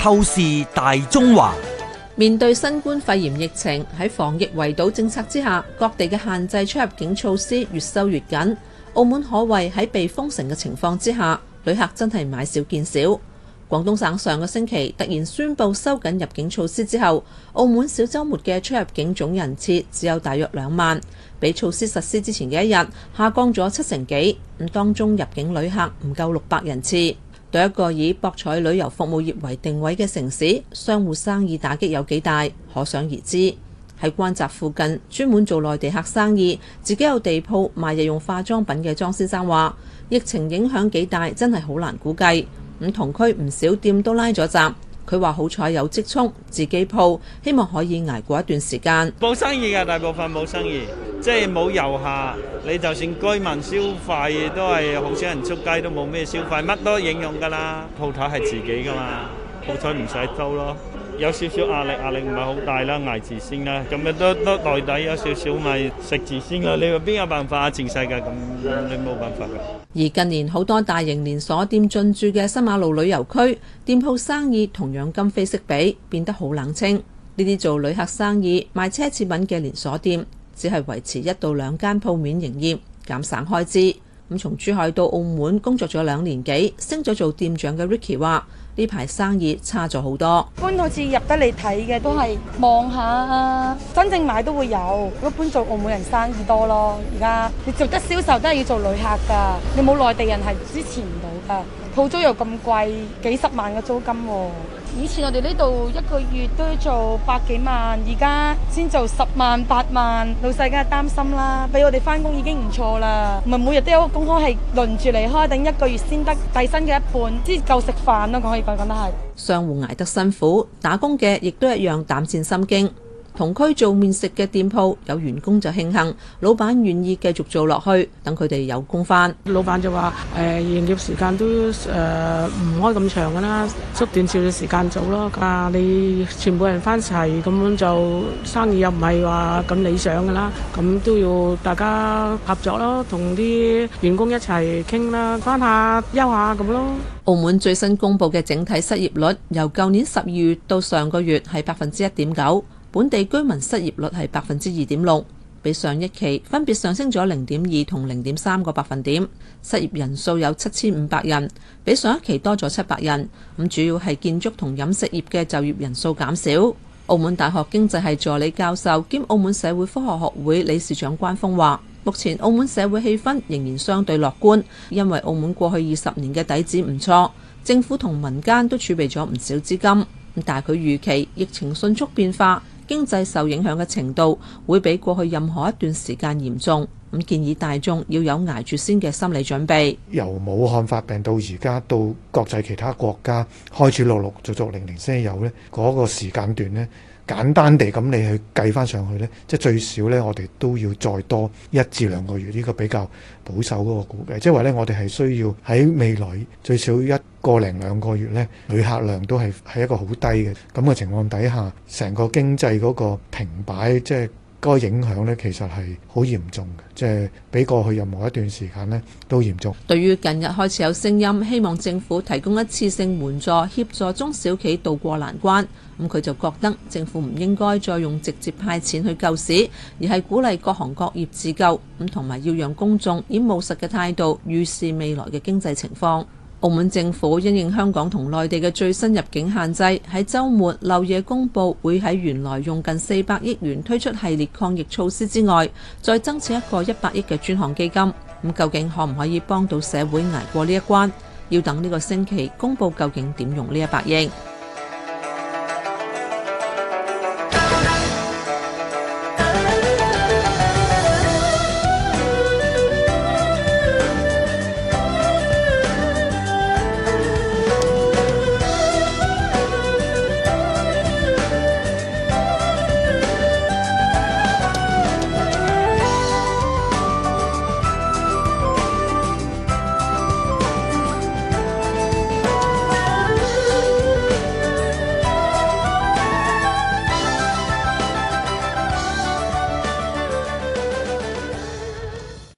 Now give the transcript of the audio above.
透視大中華，面對新冠肺炎疫情喺防疫圍堵政策之下，各地嘅限制出入境措施越收越緊。澳門可謂喺被封城嘅情況之下，旅客真係買少見少。廣東省上個星期突然宣布收緊入境措施之後，澳門小周末嘅出入境總人次只有大約兩萬，比措施實施之前嘅一日下降咗七成幾。咁當中入境旅客唔夠六百人次。對一個以博彩旅遊服務業為定位嘅城市，商戶生意打擊有幾大，可想而知。喺關閘附近專門做內地客生意、自己有地鋪賣日用化妝品嘅莊先生話，疫情影響幾大，真係好難估計。唔同區唔少店都拉咗閘。佢話好彩有積蓄，自己鋪，希望可以捱過一段時間。冇生意嘅大部分冇生意，即係冇遊客。你就算居民消費都係好少人出街都，都冇咩消費，乜都影響㗎啦。鋪頭係自己㗎嘛，好彩唔使租咯。有少少壓力，壓力唔係好大啦，捱住先啦。咁樣都都袋底有少少咪食住先啊！你話邊有辦法？全世界咁，你冇辦法啦。而近年好多大型連鎖店進駐嘅新馬路旅遊區，店鋪生意同樣今非昔比，變得好冷清。呢啲做旅客生意、賣奢侈品嘅連鎖店，只係維持一到兩間鋪面營業，減省開支。咁從珠海到澳門工作咗兩年幾，升咗做店長嘅 Ricky 話。呢排生意差咗好多，一般好似入得嚟睇嘅都係望下，啊，真正買都會有。一般做澳門人生意多咯，而家你做得銷售都係要做旅客噶，你冇內地人係支持唔到。啊！鋪租又咁貴，幾十萬嘅租金喎。以前我哋呢度一個月都要做百幾萬，而家先做十萬八萬，老細梗係擔心啦。俾我哋翻工已經唔錯啦，唔係每日都有個工開，係輪住嚟開，等一個月先得底薪嘅一半，先夠食飯咯。可以講講得係。商戶捱得辛苦，打工嘅亦都一樣膽戰心驚。同區做麵食嘅店鋪有員工就慶幸，老闆願意繼續做落去，等佢哋有工返。老闆就話：誒、呃、營業時間都誒唔開咁長㗎啦，縮短少少時間做咯。啊，你全部人返齊咁，就生意又唔係話咁理想㗎啦，咁都要大家合作咯，同啲員工一齊傾啦，返下休下咁咯。澳門最新公布嘅整體失業率由舊年十二月到上個月係百分之一點九。本地居民失業率係百分之二點六，比上一期分別上升咗零點二同零點三個百分點。失業人數有七千五百人，比上一期多咗七百人。咁主要係建築同飲食業嘅就業人數減少。澳門大學經濟係助理教授兼澳門社會科學學會理事長關峰話：目前澳門社會氣氛仍然相對樂觀，因為澳門過去二十年嘅底子唔錯，政府同民間都儲備咗唔少資金。但係佢預期疫情迅速變化。經濟受影響嘅程度會比過去任何一段時間嚴重，咁建議大眾要有捱住先嘅心理準備。由武漢發病到而家，到國際其他國家開始陸陸續續零零些有呢嗰個時間段呢。簡單地咁你去計翻上去呢，即係最少呢，我哋都要再多一至兩個月呢。呢個比較保守嗰個估計，即係話呢，我哋係需要喺未來最少一個零兩個月呢，旅客量都係係一個好低嘅咁嘅情況底下，成個經濟嗰個停擺即係。個影響呢，其實係好嚴重嘅，即係比過去任何一段時間呢都嚴重。對於近日開始有聲音希望政府提供一次性援助，協助中小企渡過難關，咁、嗯、佢就覺得政府唔應該再用直接派錢去救市，而係鼓勵各行各業自救，咁同埋要讓公眾以務實嘅態度預示未來嘅經濟情況。澳門政府因應香港同內地嘅最新入境限制，喺周末漏夜公布會喺原來用近四百億元推出系列抗疫措施之外，再增設一個一百億嘅專項基金。咁究竟可唔可以幫到社會捱過呢一關？要等呢個星期公布究竟點用呢一百億。